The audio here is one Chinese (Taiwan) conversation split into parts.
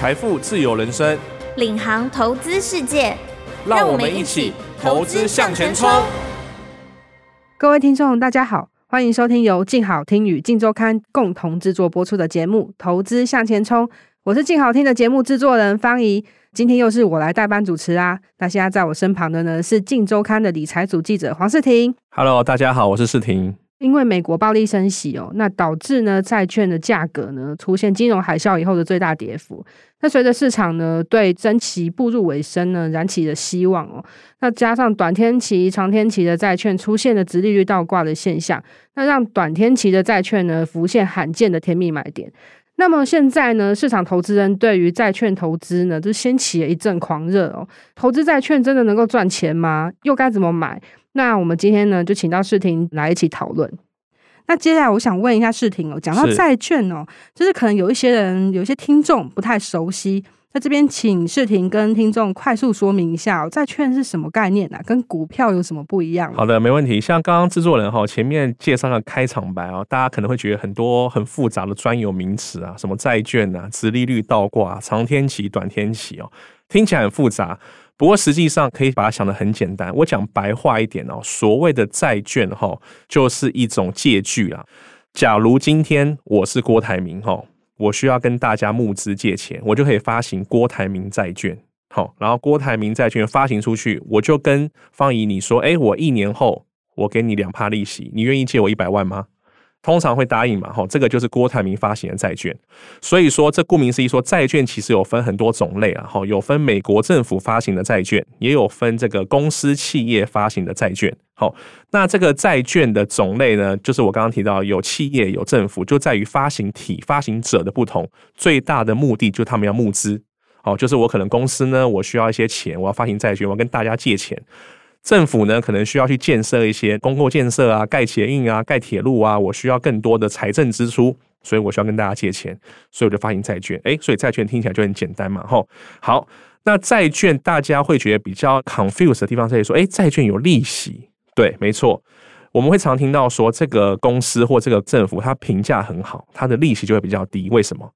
財富自由人生，領航投資世界，讓我們一起投資向錢衝。各位聽眾，大家好，歡迎收聽由鏡好聽與鏡週刊共同製作播出的節目《投資向錢衝》。我是鏡好聽的節目製作人方怡，今天又是我來代班主持啊。那現在在我身旁的呢是鏡週刊的理財主記者黃世婷。Hello，大家好，我是世婷。因為美國暴力升息哦，那導致呢債券的價格呢出現金融海嘯以後的最大跌幅。那隨着市場呢對升息步入尾聲呢，燃起了希望哦。那加上短天期、長天期的債券出現了殖利率倒掛的現象，那讓短天期的債券呢浮現罕見的甜蜜買點。那麼現在呢，市場投資人對於債券投資呢就掀起了一陣狂熱哦。投資債券真的能夠賺錢嗎？又該怎麼買？那我們今天呢，就請到世庭來一起討論。那接下來，我想問一下世庭哦，講到債券哦、喔，就是可能有一些人、有一些聽眾不太熟悉。那這邊請世庭跟聽眾快速說明一下、喔，債券是什麼概念呢、啊？跟股票有什麼不一樣？好的，沒問題。像剛剛製作人哈前面介紹了開場白哦，大家可能會覺得很多很複雜的專有名詞啊，什麼債券啊、殖利率、倒掛、長天期、短天期哦，聽起來很複雜。不過實際上可以把它想得很簡單，我講白話一點哦。所謂的債券哈、哦，就是一種借據啦。假如今天我是郭台銘哈，我需要跟大家募資借錢，我就可以發行郭台銘債券。好，然後郭台銘債券發行出去，我就跟方怡你說，哎，我一年後我給你兩趴利息，你願意借我一百萬嗎？通常會答應嘛，哈，這個就是郭台銘發行的債券。所以說，這顧名思義說，說債券其實有分很多種類啊，哈，有分美國政府發行的債券，也有分這個公司企業發行的債券。好，那這個債券的種類呢，就是我剛剛提到有企業有政府，就在於發行體發行者的不同。最大的目的就他們要募資，好，就是我可能公司呢，我需要一些錢，我要發行債券，我要跟大家借錢。政府呢，可能需要去建設一些公共建設啊，蓋捷運啊，蓋鐵路啊，我需要更多的財政支出，所以我需要跟大家借錢，所以我就發行債券，欸，所以債券聽起來就很簡單嘛，吼，好，那債券大家會覺得比較 confuse 的地方在於說，欸，債券有利息，對，沒錯，我們會常聽到說，這個公司或這個政府它評價很好，它的利息就會比較低，為什麼？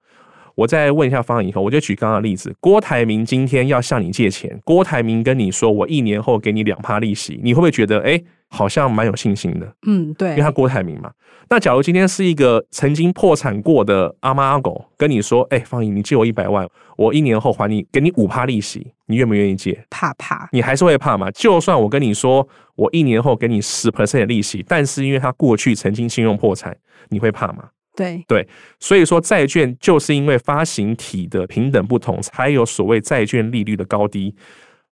我再問一下方姨，我就舉剛剛的例子，郭台銘今天要向你借錢，郭台銘跟你說我一年後給你兩趴利息，你會不會覺得哎、欸，好像蠻有信心的？嗯，對，因為他郭台銘嘛。那假如今天是一個曾經破產過的阿貓阿狗跟你說，哎、欸，方姨你借我一百萬，我一年後還你給你五趴利息，你願不願意借？怕怕，你還是會怕嘛？就算我跟你說我一年後給你十 percent 的利息，但是因為他過去曾經信用破產，你會怕嗎？對對，所以說債券就是因為發行體的評等不同，才有所謂債券利率的高低。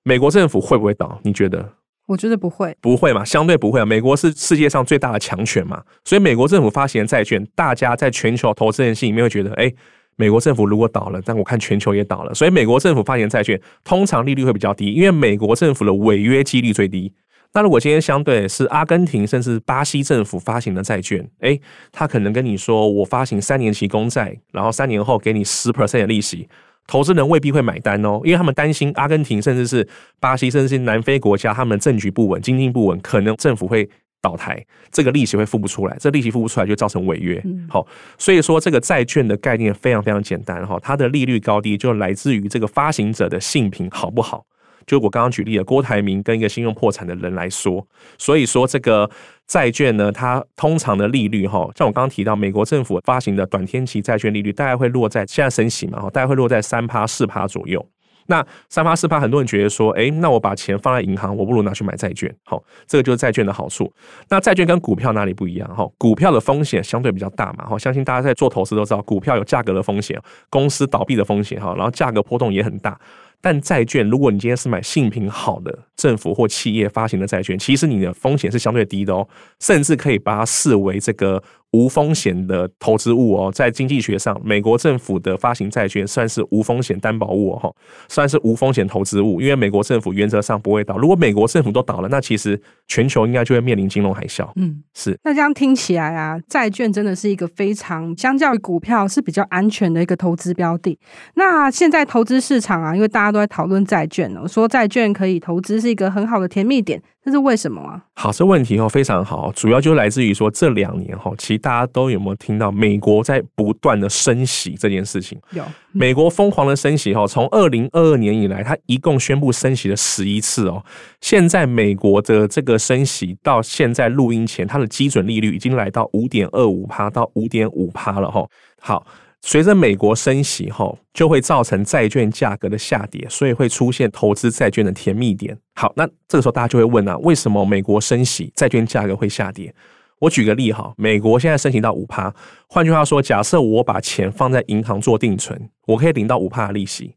美國政府會不會倒？你覺得？我覺得不會，不會嘛，相對不會啊。美國是世界上最大的強權嘛，所以美國政府發行的債券，大家在全球投資人心裡面會覺得，哎，美國政府如果倒了，但我看全球也倒了，所以美國政府發行的債券通常利率會比較低，因為美國政府的違約機率最低。那如果今天相對是阿根廷甚至巴西政府發行的債券，哎、欸，他可能跟你說，我發行三年期公債，然後三年後給你十 percent 的利息，投資人未必會買單哦，因為他們擔心阿根廷甚至是巴西甚至是南非國家，他們政局不穩，經濟不穩，可能政府會倒台，這個利息會付不出來，這個、利息付不出來就造成違約。好、嗯哦，所以說這個債券的概念非常非常簡單哈、哦，它的利率高低就來自於這個發行者的信評好不好。就我剛剛舉例的郭台銘跟一個信用破產的人來說，所以說這個債券呢，它通常的利率哈，像我剛剛提到，美國政府發行的短天期債券利率大概會落在，現在升息嘛，大概會落在三趴四趴左右。那三趴四趴，很多人覺得說，哎，那我把錢放在銀行，我不如拿去買債券，好，這個就是債券的好處。那債券跟股票哪裡不一樣哈？股票的風險相對比較大嘛哈，相信大家在做投資都知道，股票有價格的風險，公司倒閉的風險哈，然後價格波動也很大。但債券，如果你今天是買信評好的政府或企業發行的債券，其實你的風險是相對低的哦、喔，甚至可以把它視為這個。無風險的投資物哦，在經濟學上，美國政府的發行債券算是無風險擔保物哦，算是無風險投資物，因為美國政府原則上不會倒。如果美國政府都倒了，那其實全球應該就會面臨金融海嘯。嗯，是。那這樣聽起來啊，債券真的是一個非常，相較於股票是比較安全的一個投資標的。那現在投資市場啊，因為大家都在討論債券了哦，說債券可以投資是一個很好的甜蜜點。這是為什麼嗎？啊，好，這問題哦，非常好，主要就來自於說這兩年哈，其實大家都有沒有聽到美國在不斷的升息這件事情？有，嗯、美國瘋狂的升息哈，從二零二二年以來，它一共宣布升息了十一次哦。現在美國的這個升息到現在錄音前，它的基準利率已經來到五點二五趴，到五點五趴了哈。好。隨着美國升息哈，就會造成債券價格的下跌，所以會出現投資債券的甜蜜點。好，那這個時候大家就會問啊，為什麼美國升息，債券價格會下跌？我舉個例哈，美國現在升息到五趴，換句話說，假設我把錢放在銀行做定存，我可以領到五趴利息。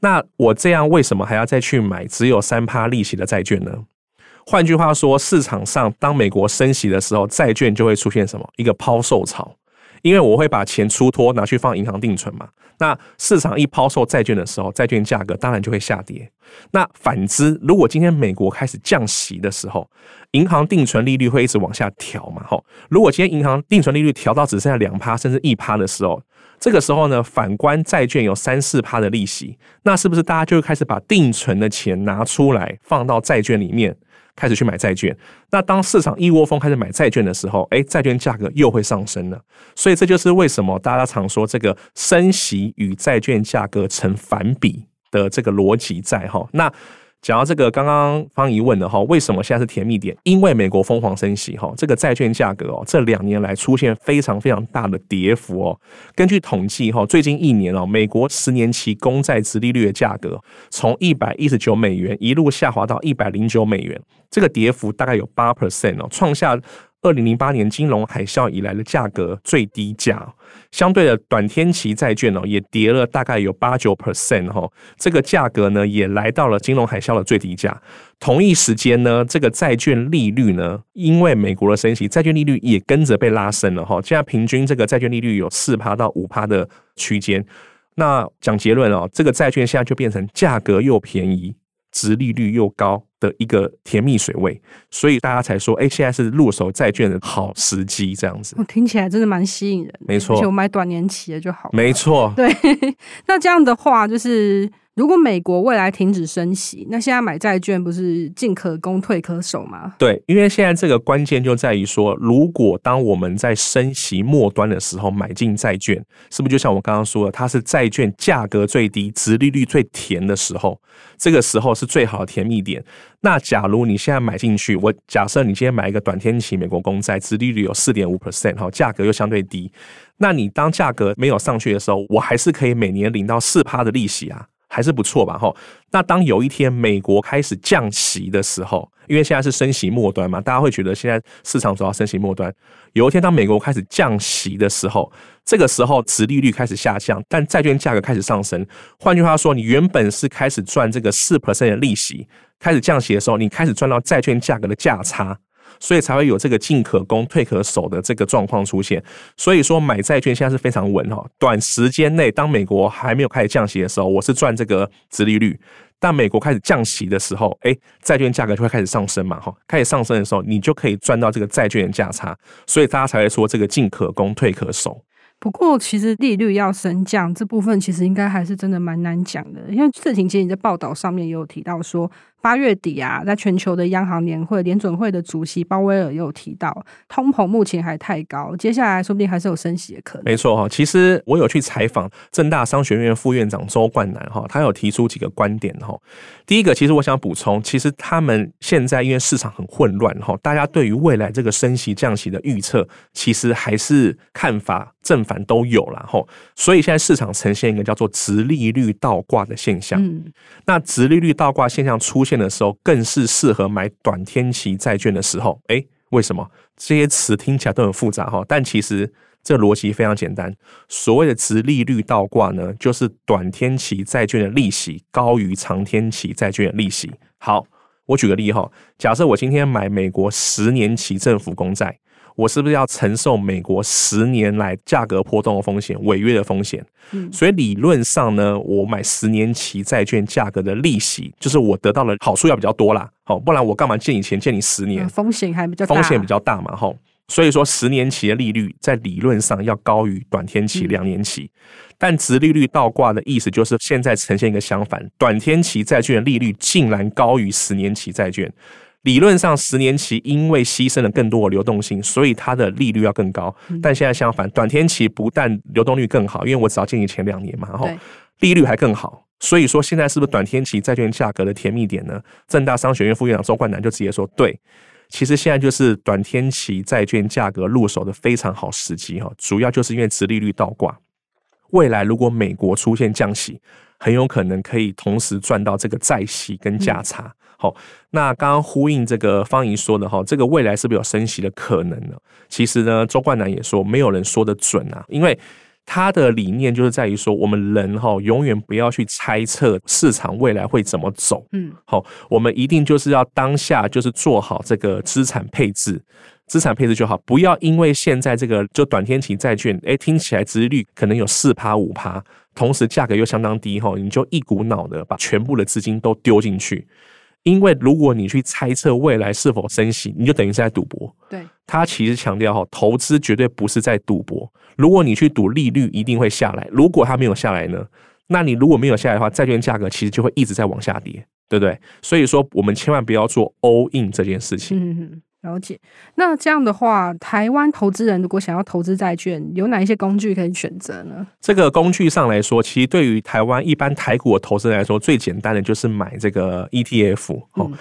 那我這樣為什麼還要再去買只有三趴利息的債券呢？換句話說，市場上當美國升息的時候，債券就會出現什麼？一個拋售潮。因為我會把錢出脫拿去放銀行定存嘛，那市場一拋售債券的時候，債券價格當然就會下跌。那反之，如果今天美國開始降息的時候，銀行定存利率會一直往下調嘛，吼。如果今天銀行定存利率調到只剩下兩趴甚至一趴的時候，這個時候呢，反觀債券有三四趴的利息，那是不是大家就會開始把定存的錢拿出來放到債券裡面？開始去買債券，那當市場一窩蜂開始買債券的時候，哎、欸，債券價格又會上升了。所以這就是為什麼大家常說，這個升息與債券價格成反比的這個邏輯在哈。那。講到這個，剛剛方姨問的哈，為什麼現在是甜蜜點？因為美國瘋狂升息哈，這個債券價格哦，這兩年來出現非常非常大的跌幅哦。根據統計哈，最近一年美國十年期公債殖利率的價格從一百一十九美元一路下滑到一百零九美元，這個跌幅大概有八 percent 哦，創下。二零零八年金融海嘯以來的價格最低價，相對的短天期債券哦，也跌了大概有八九 percent 哈，這個價格呢也來到了金融海嘯的最低價。同一時間呢，這個債券利率呢，因為美國的升息，債券利率也跟着被拉升了哈。現在平均這個債券利率有四趴到五趴的區間。那講結論哦，這個債券現在就變成價格又便宜，殖利率又高的一個甜蜜水位，所以大家才說，哎，現在是入手債券的好時機，這樣子。聽起來真的蠻吸引人，沒錯，就買短年期的就好，沒錯。對， 那這樣的話就是。如果美國未來停止升息，那現在買債券不是進可攻退可守嗎？對，因為現在這個關鍵就在於說，如果當我們在升息末端的時候買進債券，是不是就像我剛剛說的，它是債券價格最低、殖利率最甜的時候？這個時候是最好的甜蜜點。那假如你現在買進去，我假設你今天買一個短天期美國公債，殖利率有四點五 percent，好，價格又相對低，那你當價格沒有上去的時候，我還是可以每年領到四趴的利息啊。還是不錯吧，哈。那當有一天美國開始降息的時候，因為現在是升息末端嘛，大家會覺得現在市場主要升息末端。有一天當美國開始降息的時候，這個時候殖利率開始下降，但債券價格開始上升。換句話說，你原本是開始賺這個四%的利息，開始降息的時候，你開始賺到債券價格的價差。所以才會有這個進可攻、退可守的這個狀況出現。所以說買債券現在是非常穩哈。短時間內，當美國還沒有開始降息的時候，我是賺這個殖利率；但美國開始降息的時候，哎，債券價格就會開始上升嘛哈。開始上升的時候，你就可以賺到這個債券的價差。所以大家才會說這個進可攻、退可守。不過，其實利率要升降這部分，其實應該還是真的蠻難講的。因為事情其實你在報道上面也有提到說。八月底啊，在全球的央行年會，聯準會的主席鮑威爾也有提到，通膨目前還太高，接下來說不定還是有升息的可能。沒錯哈，其實我有去採訪政大商學院副院長周冠南哈，他有提出幾個觀點哈。第一個，其實我想補充，其實他們現在因為市場很混亂哈，大家對於未來這個升息降息的預測，其實還是看法正反都有了哈。所以現在市場呈現一個叫做“殖利率倒掛”的現象。嗯，那殖利率倒掛現象出現的時候，更是適合買短天期債券的時候。哎、欸，為什麼？這些詞聽起來都很複雜哈，但其實這邏輯非常簡單。所謂的“殖利率倒掛”呢，就是短天期債券的利息高於長天期債券的利息。好，我舉個例哈，假設我今天買美國十年期政府公債。我是不是要承受美國十年來價格波動的風險、違約的風險？所以理論上呢，我買十年期債券價格的利息，就是我得到的好處要比較多啦。好，不然我幹嘛借你錢，借你十年？風險還比較大，風險比較大嘛，哈。所以說，十年期的利率在理論上要高於短天期、兩年期，但殖利率倒掛的意思就是現在呈現一個相反，短天期債券利率竟然高於十年期債券。理論上，十年期因為犧牲了更多的流動性，所以它的利率要更高。但現在相反，短天期不但流動率更好，因為我只要建議前兩年嘛，哈，利率還更好。所以說，現在是不是短天期債券價格的甜蜜點呢？政大商學院副院長周冠南就直接說，對，其實現在就是短天期債券價格入手的非常好時機，哈，主要就是因為殖利率倒掛，未來如果美國出現降息。很有可能可以同時賺到這個債息跟價差，嗯。好，哦，那剛剛呼應這個方怡說的哈，哦，這個未來是不是有升息的可能呢？其實呢，周冠南也說，沒有人說的準啊，因為他的理念就是在於說，我們人哈，哦，永遠不要去猜測市場未來會怎麼走。嗯，哦，好，我們一定就是要當下就是做好這個資產配置。資產配置就好，不要因為現在這個就短天期債券，誒、欸、聽起來利率可能有四趴五趴，同時價格又相當低哈，你就一股腦的把全部的資金都丟進去，因為如果你去猜測未來是否升息，你就等於是在賭博。對，他其實強調哈，投資絕對不是在賭博。如果你去賭利率一定會下來，如果它沒有下來呢，那你如果沒有下來的話，債券價格其實就會一直在往下跌，對不對？所以說，我們千萬不要做 all in 這件事情。嗯了解，那這樣的話，台灣投資人如果想要投資債券，有哪一些工具可以選擇呢？這個工具上來說，其實對於台灣一般台股的投資人來說，最簡單的就是買這個 ETF 哦。哦、嗯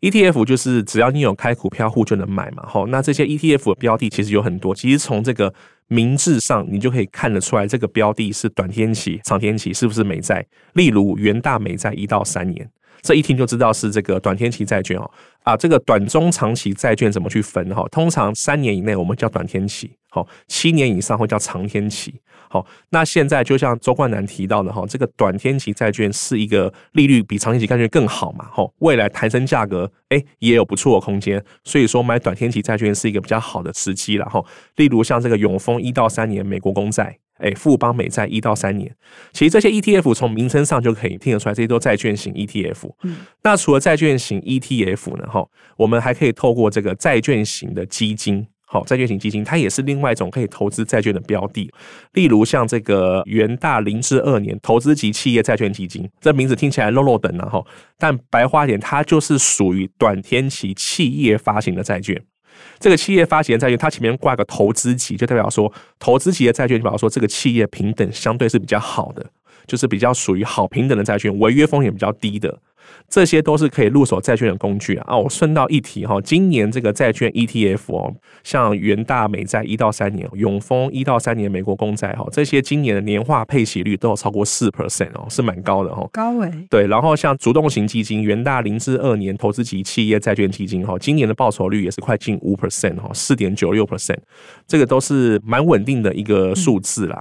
，ETF 就是只要你有開股票戶就能買嘛。哦，那這些 ETF 的標的其實有很多，其實從這個名字上你就可以看得出來，這個標的是短天期、長天期，是不是美債？例如元大美債一到三年。這一聽就知道是這個短天期債券哦，啊，這個短中長期債券怎麼去分哈、啊？通常三年以內我們叫短天期，好，七年以上會叫長天期，好。那現在就像周冠南提到的哈，這個短天期債券是一個利率比長天期債券更好嘛，未來抬升價格，也有不錯的空間，所以說買短天期債券是一個比較好的時機了哈。例如像這個永豐一到三年美國公債。哎，富邦美債一到三年，其實這些 ETF 從名稱上就可以聽得出來，這些都是債券型 ETF。嗯，那除了債券型 ETF 呢，哈，我們還可以透過這個債券型的基金，好，債券型基金它也是另外一種可以投資債券的標的。例如像這個元大零至二年投資級企業債券基金，這名字聽起來 low low 等，但白話點，它就是屬於短天期企業發行的債券。這個企業發行的債券，它前面掛個投資級，就代表說投資級的債券，就表示說這個企業評等相對是比較好的，就是比較屬於好評等的債券，違約風險比較低的。這些都是可以入手債券的工具啊！啊我順道一提哈，今年這個債券 ETF 哦，像元大美債一到三年、永豐一到三年美國公債哈，這些今年的年化配息率都有超過四 percent 哦，是蠻高的高維、欸、對，然後像主動型基金，元大零至二年投資及企業債券基金哈，今年的報酬率也是快近五 percent 四點九六 percent，這個都是蠻穩定的一個數字了。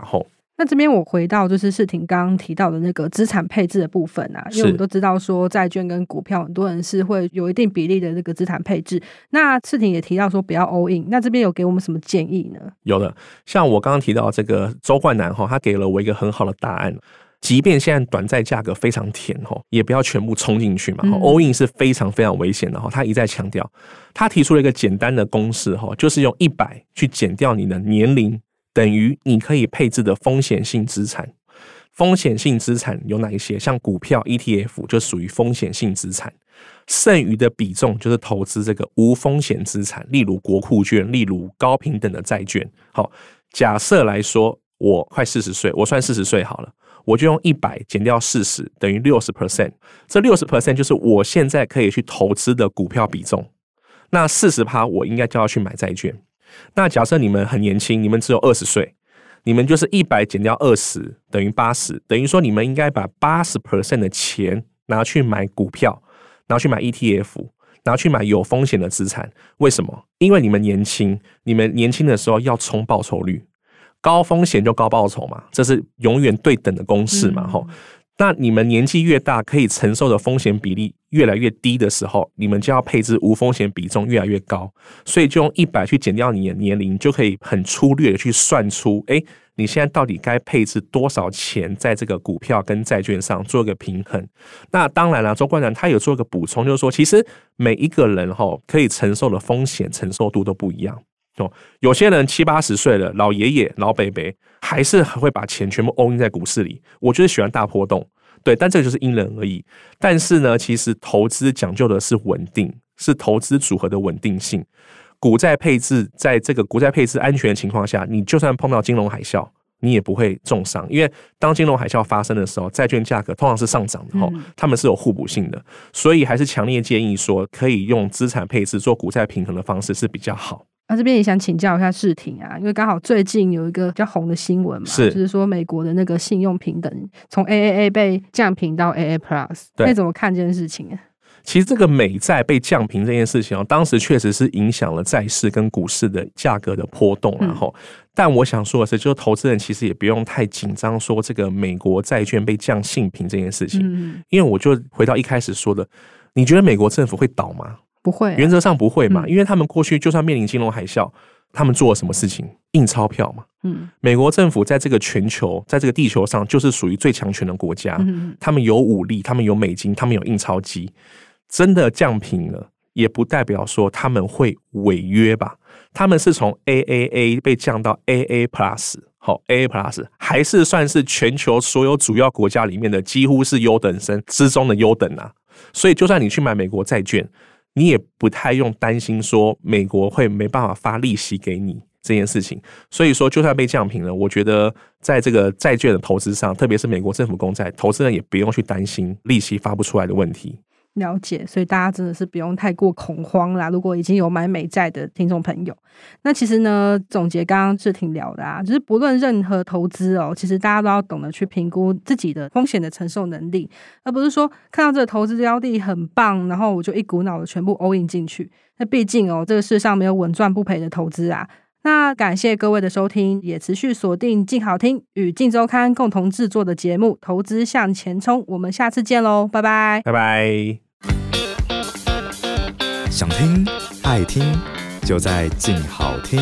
那這邊我回到就是世婷剛剛提到的那個資產配置的部分啊，因為我們都知道說債券跟股票，很多人是會有一定比例的這個資產配置。那世婷也提到說不要 all in，那這邊有給我們什麼建議呢？有的，像我剛剛提到這個周冠南哈，他給了我一個很好的答案，即便現在短債價格非常甜，也不要全部衝進去嘛，嗯，all in 是非常非常危險的哈。他一再強調，他提出了一個簡單的公式哈，就是用一百去減掉你的年齡。等於你可以配置的風險性資產，風險性資產有哪一些？像股票、ETF 就屬於風險性資產。剩餘的比重就是投資這個無風險資產，例如國庫券，例如高評等的債券。好，假設來說，我快四十歲，我算四十歲好了，我就用一百減掉四十，等於六十 percent。這六十 percent 就是我現在可以去投資的股票比重。那四十趴，我應該就要去買債券。那假設你們很年輕，你們只有二十歲，你們就是一百減掉二十等於八十，等於說你們應該把八十 percent 的錢拿去買股票，拿去買 ETF，拿去買有風險的資產。為什麼？因為你們年輕，你們年輕的時候要衝報酬率，高風險就高報酬嘛，這是永遠對等的公式嘛。哈、嗯，那你們年紀越大，可以承受的風險比例。越來越低的時候，你們就要配置無風險比重越來越高，所以就用一百去減掉你的年齡，就可以很粗略的去算出，哎、欸，你現在到底該配置多少錢在這個股票跟債券上做一個平衡？那當然了、啊，周冠南他有做一個補充，就是說，其實每一個人哈可以承受的風險承受度都不一樣哦，有些人七八十歲了，老爺爺老伯伯還是會把錢全部 all in 在股市裡，我就是喜歡大波動。對，但這個就是因人而異。但是呢，其實投資講究的是穩定，是投資組合的穩定性。股債配置，在這個股債配置安全的情況下，你就算碰到金融海嘯，你也不會重傷。因為當金融海嘯發生的時候，債券價格通常是上漲的，哦，它們是有互補性的，嗯。所以還是強烈建議說，可以用資產配置做股債平衡的方式是比較好。那、啊、這邊也想請教一下視廷啊，因為剛好最近有一個比較紅的新聞嘛是，就是說美國的那個信用評等從 AAA 被降評到 AA Plus，對，那怎麼看這件事情、啊？其實這個美債被降評這件事情哦，當時確實是影響了債市跟股市的價格的波動、啊，然、嗯、後，但我想說的是，就是投資人其實也不用太緊張，說這個美國債券被降信評這件事情、嗯，因為我就回到一開始說的，你覺得美國政府會倒嗎？不會、啊，原則上不會嘛、嗯，因為他們過去就算面臨金融海嘯、嗯，他們做了什麼事情？印鈔票嘛、嗯。美國政府在這個全球，在這個地球上就是屬於最強權的國家、嗯。他們有武力，他們有美金，他們有印鈔機。真的降平了，也不代表說他們會違約吧？他們是從 AAA 被降到 AA Plus，好，AA Plus 還是算是全球所有主要國家裡面的幾乎是優等生之中的優等啊。所以，就算你去買美國債券。你也不太用擔心說美國會沒辦法發利息給你這件事情，所以說就算被降評了，我覺得在這個債券的投資上，特別是美國政府公債，投資人也不用去擔心利息發不出來的問題。了解，所以大家真的是不用太過恐慌啦。如果已經有買美債的聽眾朋友，那其實呢，總結剛剛是挺聊的啊，就是不論任何投資哦、喔，其實大家都要懂得去評估自己的風險的承受能力，而不是說看到這個投資標的很棒，然後我就一股腦的全部 all in 進去。那畢竟哦、喔，這個世上沒有穩賺不賠的投資啊。那感謝各位的收聽，也持續鎖定鏡好聽與鏡週刊共同制作的節目《投資向錢衝》，我們下次見嘍，拜拜，拜拜。想聽，愛聽，就在鏡好聽。